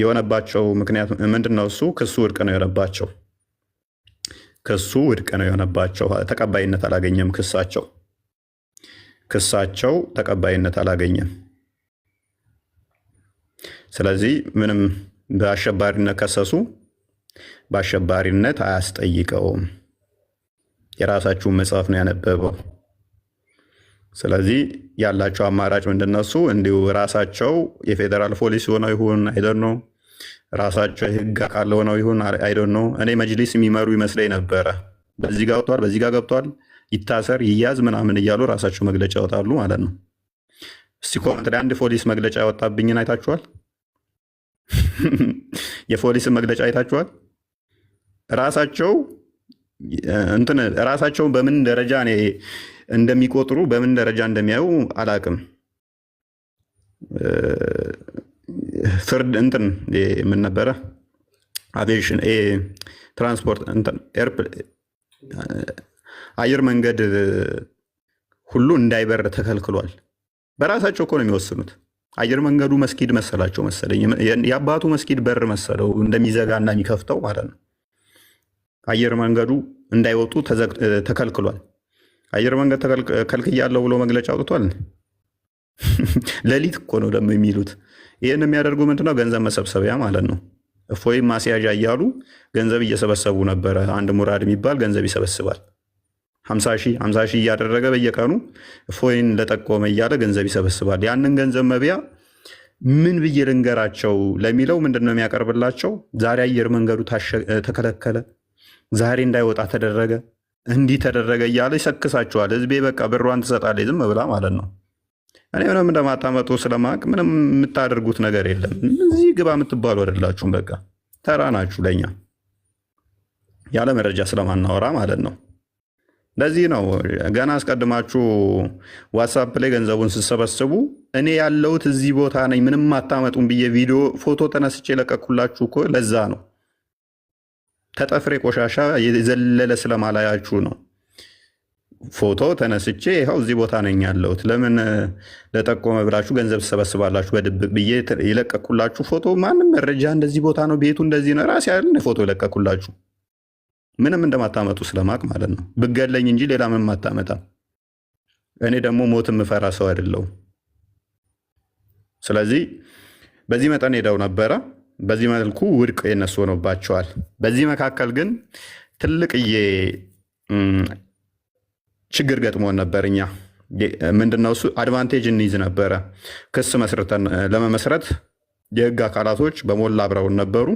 የሆነባቸው ምክንያት ምንድን ነው? እሱ ክሱ ውድቅ ነው የሆነባቸው። ክሱ ውድቅ ነው የሆነባቸው። ተቀባይነት አላገኘም ክሳቸው ክሳቸው ተቀባይነት አላገኘም። ስለዚህ ምንም በአሸባሪነት ከሰሱ፣ በአሸባሪነት አያስጠይቀውም። የራሳችሁን መጽሐፍ ነው ያነበበው። ስለዚህ ያላቸው አማራጭ ምንድነሱ እንዲሁ ራሳቸው የፌዴራል ፖሊስ ሆነው ይሁን አይደን ነው ራሳቸው የህግ አካል ሆነው ይሁን አይደን ነው። እኔ መጅሊስ የሚመሩ ይመስለኝ ነበረ። በዚህ ጋ ወጥቷል፣ በዚህ ጋ ገብቷል፣ ይታሰር ይያዝ ምናምን እያሉ ራሳቸው መግለጫ ያወጣሉ ማለት ነው። እስቲ ኮመንት ላይ አንድ ፖሊስ መግለጫ ያወጣብኝን አይታችኋል? የፖሊስን መግለጫ አይታችኋል? ራሳቸው እንትን ራሳቸው በምን ደረጃ እንደሚቆጥሩ በምን ደረጃ እንደሚያዩ አላቅም። ፍርድ እንትን ምን ነበረ አቪዬሽን ትራንስፖርት አየር መንገድ ሁሉ እንዳይበር ተከልክሏል። በራሳቸው እኮ ነው የሚወስኑት። አየር መንገዱ መስጊድ መሰላቸው መሰለኝ፣ የአባቱ መስጊድ በር መሰለው እንደሚዘጋና የሚከፍተው ማለት ነው። አየር መንገዱ እንዳይወጡ ተከልክሏል። አየር መንገድ ከልክያለሁ ብሎ መግለጫ አውጥቷል። ሌሊት እኮ ነው ደግሞ የሚሉት። ይህን የሚያደርጉ ምንድነው ገንዘብ መሰብሰቢያ ማለት ነው። እፎይ ማስያዣ እያሉ ገንዘብ እየሰበሰቡ ነበረ። አንድ ሙራድ የሚባል ገንዘብ ይሰበስባል። ሀምሳ ሺህ ሀምሳ ሺህ እያደረገ በየቀኑ እፎይን ለጠቆመ እያለ ገንዘብ ይሰበስባል። ያንን ገንዘብ መብያ ምን ብዬ ልንገራቸው ለሚለው ምንድነው የሚያቀርብላቸው? ዛሬ አየር መንገዱ ተከለከለ፣ ዛሬ እንዳይወጣ ተደረገ እንዲህ ተደረገ እያለ ይሰክሳችኋል። ህዝቤ በቃ ብሯን ትሰጣለች ዝም ብላ ማለት ነው። እኔ ምንም እንደማጣመጡ ስለማቅ ምንም የምታደርጉት ነገር የለም። እዚህ ግባ የምትባሉ አይደላችሁም። በቃ ተራ ናችሁ ለኛ ያለ መረጃ ስለማናወራ ማለት ነው። ለዚህ ነው ገና አስቀድማችሁ ዋትሳፕ ላይ ገንዘቡን ስትሰበስቡ እኔ ያለሁት እዚህ ቦታ ነኝ ምንም አታመጡም ብዬ ቪዲዮ ፎቶ ተነስቼ ለቀኩላችሁ እኮ ለዛ ነው። ተጠፍሬ ቆሻሻ የዘለለ ስለማላያችሁ ነው። ፎቶ ተነስቼ ይኸው እዚህ ቦታ ነኝ ያለሁት ለምን ለጠቆመ ብላችሁ ገንዘብ ትሰበስባላችሁ በድብቅ ብዬ የለቀኩላችሁ ፎቶ ማንም መረጃ እንደዚህ ቦታ ነው ቤቱ እንደዚህ ነው ራሴ ያለ ፎቶ የለቀኩላችሁ ምንም እንደማታመጡ ስለማቅ ማለት ነው። ብገለኝ እንጂ ሌላ ምንም አታመጣም። እኔ ደግሞ ሞት የምፈራ ሰው አይደለሁም። ስለዚህ በዚህ መጠን ሄደው ነበረ። በዚህ መልኩ ውድቅ የነሱ ሆኖባቸዋል። በዚህ መካከል ግን ትልቅዬ ችግር ገጥሞን ነበር። እኛ ምንድነው እሱ አድቫንቴጅ እንይዝ ነበረ። ክስ መስርተን ለመመስረት የህግ አካላቶች በሞላ አብረውን ነበሩ፣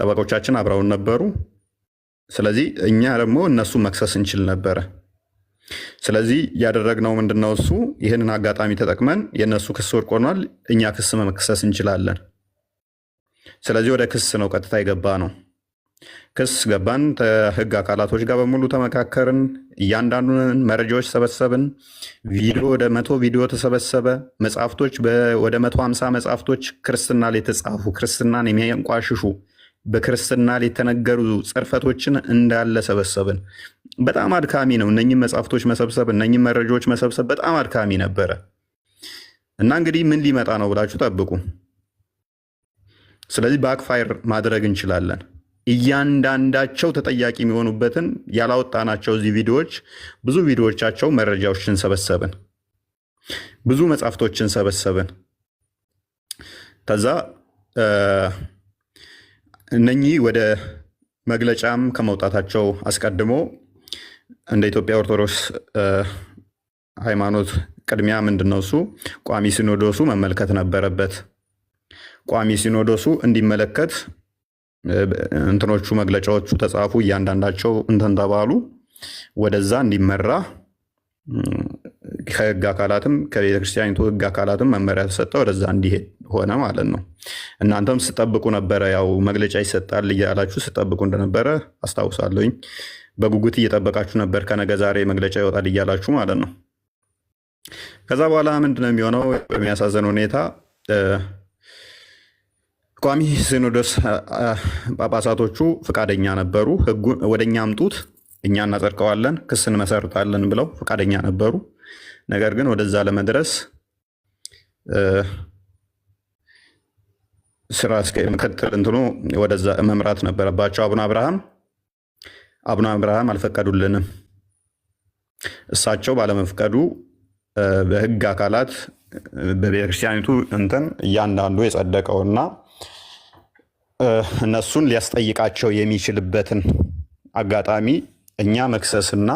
ጠበቆቻችን አብረውን ነበሩ። ስለዚህ እኛ ደግሞ እነሱ መክሰስ እንችል ነበረ። ስለዚህ ያደረግነው ምንድነው እሱ ይህንን አጋጣሚ ተጠቅመን የእነሱ ክስ ወድቆናል፣ እኛ ክስ መክሰስ እንችላለን። ስለዚህ ወደ ክስ ነው ቀጥታ የገባ ነው። ክስ ገባን፣ ከህግ አካላቶች ጋር በሙሉ ተመካከርን፣ እያንዳንዱን መረጃዎች ሰበሰብን። ቪዲዮ ወደ መቶ ቪዲዮ ተሰበሰበ። መጽሐፍቶች ወደ መቶ ሀምሳ መጽሐፍቶች ክርስትና ላይ የተጻፉ ክርስትናን የሚያንቋሽሹ በክርስትና ላይ የተነገሩ ጽርፈቶችን እንዳለ ሰበሰብን። በጣም አድካሚ ነው። እነኝም መጽሐፍቶች መሰብሰብ እነኝም መረጃዎች መሰብሰብ በጣም አድካሚ ነበረ እና እንግዲህ ምን ሊመጣ ነው ብላችሁ ጠብቁ። ስለዚህ ባክፋይር ማድረግ እንችላለን። እያንዳንዳቸው ተጠያቂ የሚሆኑበትን ያላወጣናቸው እዚህ ቪዲዮዎች ብዙ ቪዲዮዎቻቸው መረጃዎችን ሰበሰብን፣ ብዙ መጽሐፍቶችን ሰበሰብን። ከዛ እነኚህ ወደ መግለጫም ከመውጣታቸው አስቀድሞ እንደ ኢትዮጵያ ኦርቶዶክስ ሃይማኖት ቅድሚያ ምንድን ነው እሱ ቋሚ ሲኖዶሱ መመልከት ነበረበት። ቋሚ ሲኖዶሱ እንዲመለከት እንትኖቹ መግለጫዎቹ ተጻፉ፣ እያንዳንዳቸው እንትን ተባሉ፣ ወደዛ እንዲመራ ከህግ አካላትም ከቤተክርስቲያኒቱ ህግ አካላትም መመሪያ ተሰጠ፣ ወደዛ እንዲሄድ ሆነ ማለት ነው። እናንተም ስጠብቁ ነበረ፣ ያው መግለጫ ይሰጣል እያላችሁ ስጠብቁ እንደነበረ አስታውሳለሁኝ። በጉጉት እየጠበቃችሁ ነበር፣ ከነገ ዛሬ መግለጫ ይወጣል እያላችሁ ማለት ነው። ከዛ በኋላ ምንድነው የሚሆነው? በሚያሳዝን ሁኔታ ቋሚ ሲኖዶስ ጳጳሳቶቹ ፈቃደኛ ነበሩ። ህጉን ወደ እኛ አምጡት፣ እኛ እናጸድቀዋለን፣ ክስ እንመሰርታለን ብለው ፈቃደኛ ነበሩ። ነገር ግን ወደዛ ለመድረስ ስራ ምክትል እንትኑ ወደዛ መምራት ነበረባቸው። አቡነ አብርሃም አቡነ አብርሃም አልፈቀዱልንም። እሳቸው ባለመፍቀዱ በህግ አካላት በቤተክርስቲያኒቱ እንትን እያንዳንዱ የጸደቀውና እነሱን ሊያስጠይቃቸው የሚችልበትን አጋጣሚ እኛ መክሰስና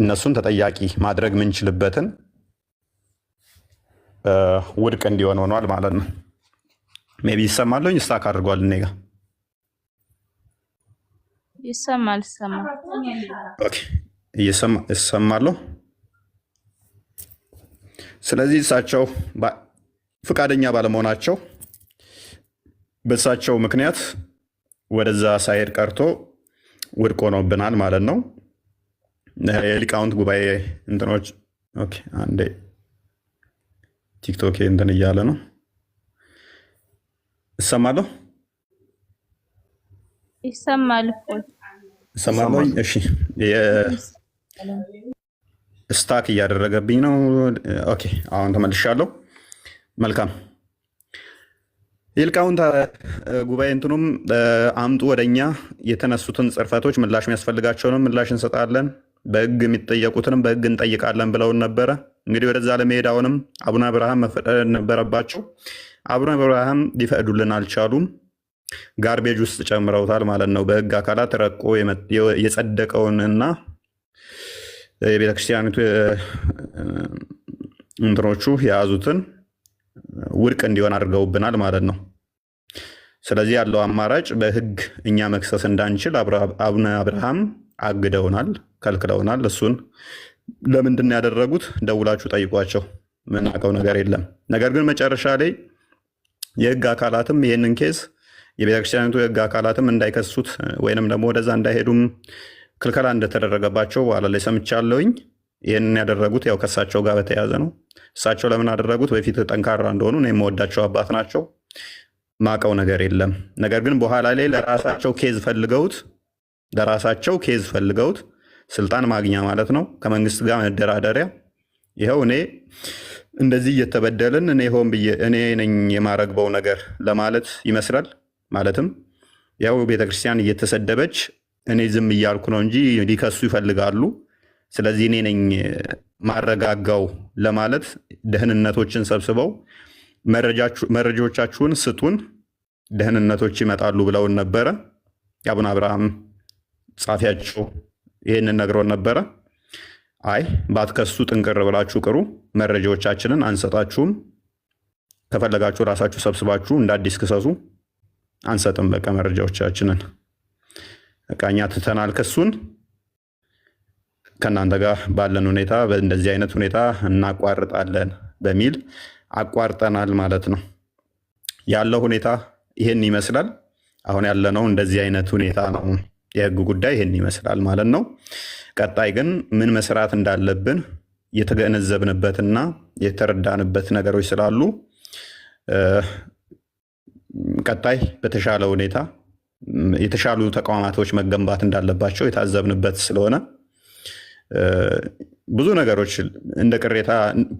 እነሱን ተጠያቂ ማድረግ የምንችልበትን ውድቅ እንዲሆን ሆኗል ማለት ነው። ሜቢ ይሰማለኝ ስታክ አድርጓል እኔ ጋ ስለዚህ እሳቸው ፈቃደኛ ባለመሆናቸው በእሳቸው ምክንያት ወደዛ ሳይሄድ ቀርቶ ውድቅ ሆኖብናል ማለት ነው። የሊቃውንት ጉባኤ እንትኖች አንዴ ቲክቶክ እንትን እያለ ነው እሰማለሁ ይሰማል እሰማለሁ። እሺ ስታክ እያደረገብኝ ነው። ኦኬ አሁን ተመልሻለሁ። መልካም የሊቃውንት ጉባኤ እንትኑም አምጡ ወደ እኛ የተነሱትን ጽርፈቶች ምላሽ የሚያስፈልጋቸውንም ምላሽ እንሰጣለን፣ በህግ የሚጠየቁትንም በህግ እንጠይቃለን ብለውን ነበረ። እንግዲህ ወደዛ ለመሄድ አሁንም አቡነ አብርሃም መፈቀድ ነበረባቸው። አቡነ አብርሃም ሊፈቅዱልን አልቻሉም። ጋርቤጅ ውስጥ ጨምረውታል ማለት ነው። በህግ አካላት ረቆ የጸደቀውንና የቤተክርስቲያኒቱ እንትኖቹ የያዙትን ውድቅ እንዲሆን አድርገውብናል ማለት ነው። ስለዚህ ያለው አማራጭ በህግ እኛ መክሰስ እንዳንችል አቡነ አብርሃም አግደውናል፣ ከልክለውናል። እሱን ለምንድን ያደረጉት? ደውላችሁ ጠይቋቸው። ምናውቀው ነገር የለም። ነገር ግን መጨረሻ ላይ የህግ አካላትም ይህንን ኬዝ የቤተክርስቲያኒቱ የህግ አካላትም እንዳይከሱት ወይንም ደግሞ ወደዛ እንዳይሄዱም ክልከላ እንደተደረገባቸው በኋላ ላይ ሰምቻለሁኝ። ይህንን ያደረጉት ያው ከእሳቸው ጋር በተያያዘ ነው። እሳቸው ለምን አደረጉት? በፊት ጠንካራ እንደሆኑ እኔ የምወዳቸው አባት ናቸው። ማቀው ነገር የለም። ነገር ግን በኋላ ላይ ለራሳቸው ኬዝ ፈልገውት ለራሳቸው ኬዝ ፈልገውት ስልጣን ማግኛ ማለት ነው፣ ከመንግስት ጋር መደራደሪያ ይኸው እኔ እንደዚህ እየተበደልን እኔ ሆን ብዬ እኔ ነኝ የማረግበው ነገር ለማለት ይመስላል። ማለትም ያው ቤተክርስቲያን እየተሰደበች እኔ ዝም እያልኩ ነው እንጂ ሊከሱ ይፈልጋሉ። ስለዚህ እኔ ነኝ ማረጋጋው ለማለት ደህንነቶችን ሰብስበው መረጃዎቻችሁን ስጡን ደህንነቶች ይመጣሉ ብለውን ነበረ። የአቡነ አብርሃም ጻፊያቸው ይህንን ነግረውን ነበረ። አይ ባትከሱ ጥንቅር ብላችሁ ቅሩ፣ መረጃዎቻችንን አንሰጣችሁም፣ ከፈለጋችሁ ራሳችሁ ሰብስባችሁ እንደ አዲስ ክሰሱ፣ አንሰጥም፣ በቃ መረጃዎቻችንን እቃኛ ትተናል ክሱን ከእናንተ ጋር ባለን ሁኔታ እንደዚህ አይነት ሁኔታ እናቋርጣለን በሚል አቋርጠናል ማለት ነው። ያለው ሁኔታ ይሄን ይመስላል። አሁን ያለነው እንደዚህ አይነት ሁኔታ ነው። የህግ ጉዳይ ይሄን ይመስላል ማለት ነው። ቀጣይ ግን ምን መስራት እንዳለብን የተገነዘብንበትና የተረዳንበት ነገሮች ስላሉ ቀጣይ በተሻለ ሁኔታ የተሻሉ ተቋማቶች መገንባት እንዳለባቸው የታዘብንበት ስለሆነ ብዙ ነገሮች እንደ ቅሬታ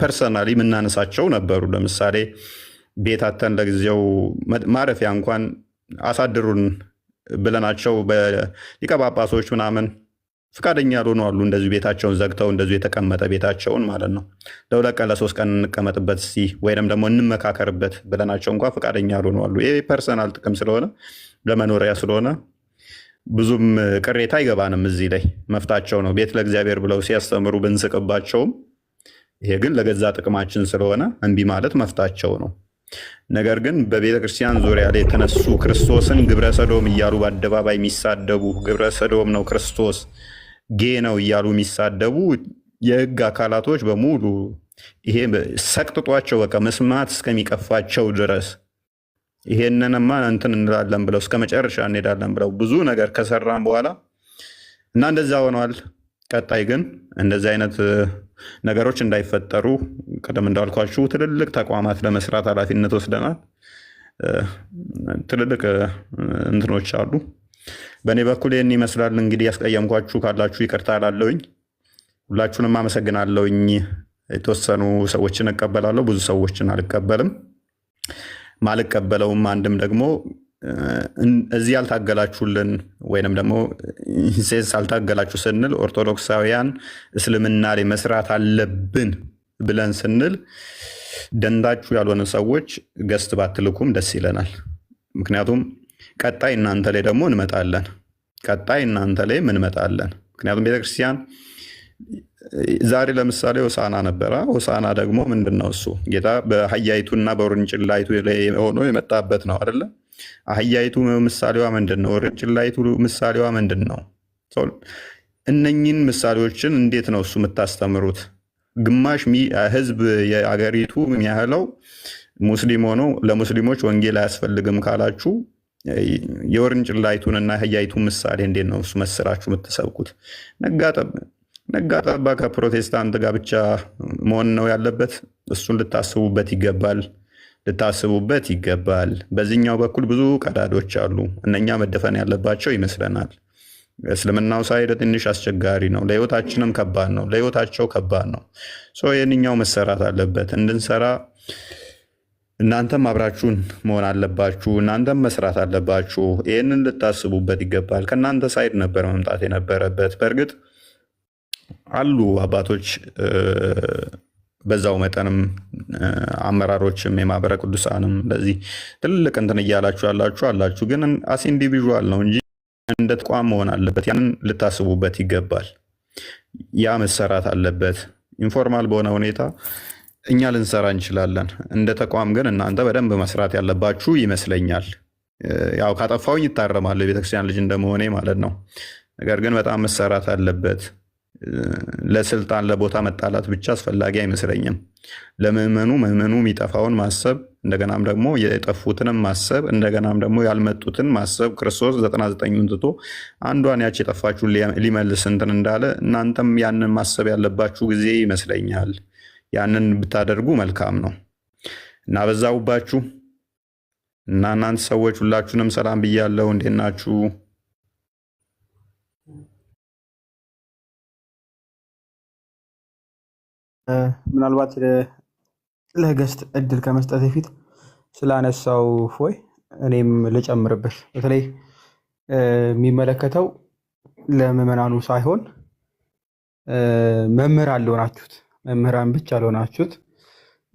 ፐርሰናል የምናነሳቸው ነበሩ። ለምሳሌ ቤታተን ለጊዜው ማረፊያ እንኳን አሳድሩን ብለናቸው በሊቀ ጳጳሶች ምናምን ፈቃደኛ ያልሆኑ አሉ። እንደዚሁ ቤታቸውን ዘግተው እንደዚሁ የተቀመጠ ቤታቸውን ማለት ነው ለሁለት ቀን ለሶስት ቀን እንቀመጥበት ሲ ወይም ደግሞ እንመካከርበት ብለናቸው እንኳ ፈቃደኛ ያልሆኑ አሉ። ይህ ፐርሰናል ጥቅም ስለሆነ ለመኖሪያ ስለሆነ ብዙም ቅሬታ አይገባንም። እዚህ ላይ መፍታቸው ነው። ቤት ለእግዚአብሔር ብለው ሲያስተምሩ ብንስቅባቸውም፣ ይሄ ግን ለገዛ ጥቅማችን ስለሆነ እምቢ ማለት መፍታቸው ነው። ነገር ግን በቤተ ክርስቲያን ዙሪያ ላይ የተነሱ ክርስቶስን ግብረ ሰዶም እያሉ በአደባባይ የሚሳደቡ ግብረ ሰዶም ነው ክርስቶስ ጌ ነው እያሉ የሚሳደቡ የህግ አካላቶች በሙሉ ይሄ ሰቅጥጧቸው በቃ መስማት እስከሚቀፋቸው ድረስ ይሄንንማ እንትን እንላለን ብለው እስከ መጨረሻ እንሄዳለን ብለው ብዙ ነገር ከሰራን በኋላ እና እንደዛ ሆነዋል። ቀጣይ ግን እንደዚህ አይነት ነገሮች እንዳይፈጠሩ ቀደም እንዳልኳችሁ ትልልቅ ተቋማት ለመስራት ኃላፊነት ወስደናል። ትልልቅ እንትኖች አሉ። በእኔ በኩል ይህን ይመስላል። እንግዲህ ያስቀየምኳችሁ ካላችሁ ይቅርታ አላለውኝ። ሁላችሁንም አመሰግናለውኝ። የተወሰኑ ሰዎችን እቀበላለሁ፣ ብዙ ሰዎችን አልቀበልም። ማልቀበለውም አንድም ደግሞ እዚህ ያልታገላችሁልን ወይንም ደግሞ ሴስ አልታገላችሁ ስንል ኦርቶዶክሳውያን እስልምና ላይ መስራት አለብን ብለን ስንል ደንዳችሁ ያልሆነ ሰዎች ገስት ባትልኩም ደስ ይለናል። ምክንያቱም ቀጣይ እናንተ ላይ ደግሞ እንመጣለን። ቀጣይ እናንተ ላይ እንመጣለን። ምክንያቱም ቤተክርስቲያን ዛሬ ለምሳሌ ሆሳና ነበረ። ሆሳና ደግሞ ምንድን ነው እሱ ጌታ በአህያይቱና በውርንጭላይቱ ሆኖ የመጣበት ነው አይደለ? አህያይቱ ምሳሌዋ ምንድን ነው? ውርንጭላይቱ ምሳሌዋ ምንድን ነው? እነኝን ምሳሌዎችን እንዴት ነው እሱ የምታስተምሩት? ግማሽ ህዝብ የአገሪቱ የሚያህለው ሙስሊም ሆኖ ለሙስሊሞች ወንጌል አያስፈልግም ካላችሁ የውርንጭላይቱንና ህያይቱን ምሳሌ እንዴት ነው እሱ መስራችሁ የምትሰብኩት? ነጋጠብ ነጋጠባ ከፕሮቴስታንት ጋር ብቻ መሆን ነው ያለበት? እሱን ልታስቡበት ይገባል ልታስቡበት ይገባል። በዚህኛው በኩል ብዙ ቀዳዶች አሉ። እነኛ መደፈን ያለባቸው ይመስለናል። እስልምናው ሳይድ ትንሽ አስቸጋሪ ነው። ለህይወታችንም ከባድ ነው። ለህይወታቸው ከባድ ነው። ይህንኛው መሰራት አለበት እንድንሰራ እናንተም አብራችሁን መሆን አለባችሁ። እናንተም መስራት አለባችሁ። ይህንን ልታስቡበት ይገባል። ከእናንተ ሳይድ ነበር መምጣት የነበረበት በእርግጥ አሉ አባቶች በዛው መጠንም አመራሮችም የማህበረ ቅዱሳንም እንደዚህ ትልቅ እንትን እያላችሁ ያላችሁ አላችሁ። ግን አስ ኢንዲቪዥዋል ነው እንጂ እንደ ተቋም መሆን አለበት። ያንን ልታስቡበት ይገባል። ያ መሰራት አለበት። ኢንፎርማል በሆነ ሁኔታ እኛ ልንሰራ እንችላለን። እንደ ተቋም ግን እናንተ በደንብ መስራት ያለባችሁ ይመስለኛል። ያው ካጠፋውኝ ይታረማል፣ የቤተክርስቲያን ልጅ እንደመሆኔ ማለት ነው። ነገር ግን በጣም መሰራት አለበት። ለስልጣን ለቦታ መጣላት ብቻ አስፈላጊ አይመስለኝም። ለምዕመኑ ምዕመኑ የሚጠፋውን ማሰብ እንደገናም ደግሞ የጠፉትንም ማሰብ እንደገናም ደግሞ ያልመጡትን ማሰብ ክርስቶስ ዘጠና ዘጠኙን ትቶ አንዷን ያች የጠፋችሁን ሊመልስ እንትን እንዳለ እናንተም ያንን ማሰብ ያለባችሁ ጊዜ ይመስለኛል። ያንን ብታደርጉ መልካም ነው እና በዛውባችሁ እና እናንተ ሰዎች ሁላችሁንም ሰላም ብያለሁ። እንዴት ናችሁ? ምናልባት ለገስት እድል ከመስጠት በፊት ስላነሳው እፎይ እኔም ልጨምርበት። በተለይ የሚመለከተው ለምዕመናኑ ሳይሆን መምህር አልሆናችሁት መምህራን ብቻ አልሆናችሁት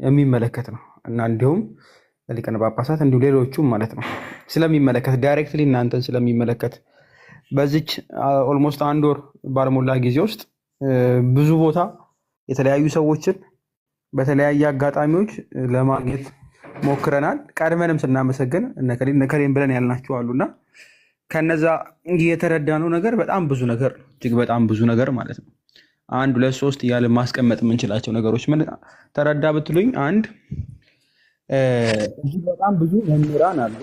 የሚመለከት ነው እና እንዲሁም ሊቃነ ጳጳሳት እንዲሁም ሌሎቹም ማለት ነው ስለሚመለከት ዳይሬክትሊ እናንተን ስለሚመለከት በዚች ኦልሞስት አንድ ወር ባልሞላ ጊዜ ውስጥ ብዙ ቦታ የተለያዩ ሰዎችን በተለያየ አጋጣሚዎች ለማግኘት ሞክረናል። ቀድመንም ስናመሰግን ነከሌን ብለን ያልናቸው አሉና ከነዛ የተረዳነው ነገር በጣም ብዙ ነገር እጅግ በጣም ብዙ ነገር ማለት ነው። አንድ ሁለት ሶስት እያለ ማስቀመጥ የምንችላቸው ነገሮች ምን ተረዳ ብትሉኝ፣ አንድ እጅግ በጣም ብዙ መምህራን አሉ።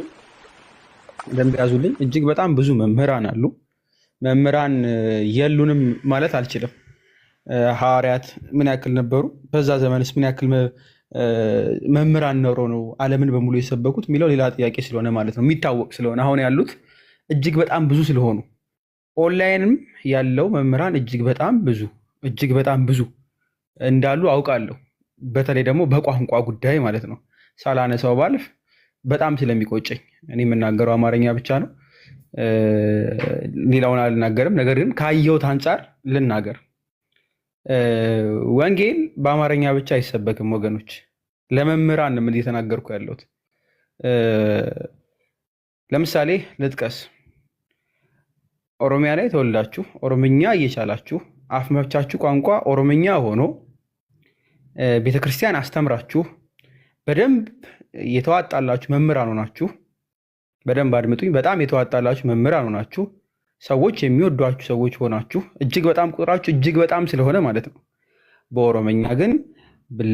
ደንብ ያዙልኝ። እጅግ በጣም ብዙ መምህራን አሉ። መምህራን የሉንም ማለት አልችልም። ሐዋርያት ምን ያክል ነበሩ? በዛ ዘመንስ ምን ያክል መምህራን ኖሮ ነው ዓለምን በሙሉ የሰበኩት የሚለው ሌላ ጥያቄ ስለሆነ ማለት ነው የሚታወቅ ስለሆነ አሁን ያሉት እጅግ በጣም ብዙ ስለሆኑ ኦንላይንም ያለው መምህራን እጅግ በጣም ብዙ እጅግ በጣም ብዙ እንዳሉ አውቃለሁ። በተለይ ደግሞ በቋንቋ ጉዳይ ማለት ነው ሳላነሳው ባልፍ በጣም ስለሚቆጨኝ እኔ የምናገረው አማርኛ ብቻ ነው፣ ሌላውን አልናገርም። ነገር ግን ካየሁት አንጻር ልናገር ወንጌል በአማርኛ ብቻ አይሰበክም ወገኖች። ለመምህራን ነው እየተናገርኩ ያለሁት። ለምሳሌ ልጥቀስ። ኦሮሚያ ላይ ተወልዳችሁ ኦሮምኛ እየቻላችሁ አፍ መፍቻችሁ ቋንቋ ኦሮምኛ ሆኖ ቤተክርስቲያን አስተምራችሁ በደንብ የተዋጣላችሁ መምህራን ሆናችሁ፣ በደንብ አድምጡኝ፣ በጣም የተዋጣላችሁ መምህራን ሆናችሁ ሰዎች የሚወዷችሁ ሰዎች ሆናችሁ እጅግ በጣም ቁጥራችሁ እጅግ በጣም ስለሆነ ማለት ነው። በኦሮመኛ ግን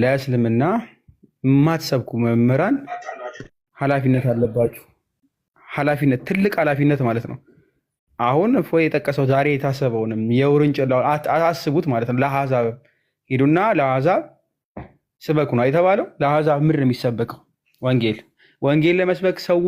ለእስልምና የማትሰብኩ መምህራን ኃላፊነት አለባችሁ። ኃላፊነት ትልቅ ኃላፊነት ማለት ነው። አሁን ፎ የጠቀሰው ዛሬ የታሰበውንም የውርንጭላውን አስቡት ማለት ነው። ለአሕዛብ ሂዱና ለአሕዛብ ስበኩ ነው የተባለው። ለአሕዛብ ምድር የሚሰበከው ወንጌል ወንጌል ለመስበክ ሰው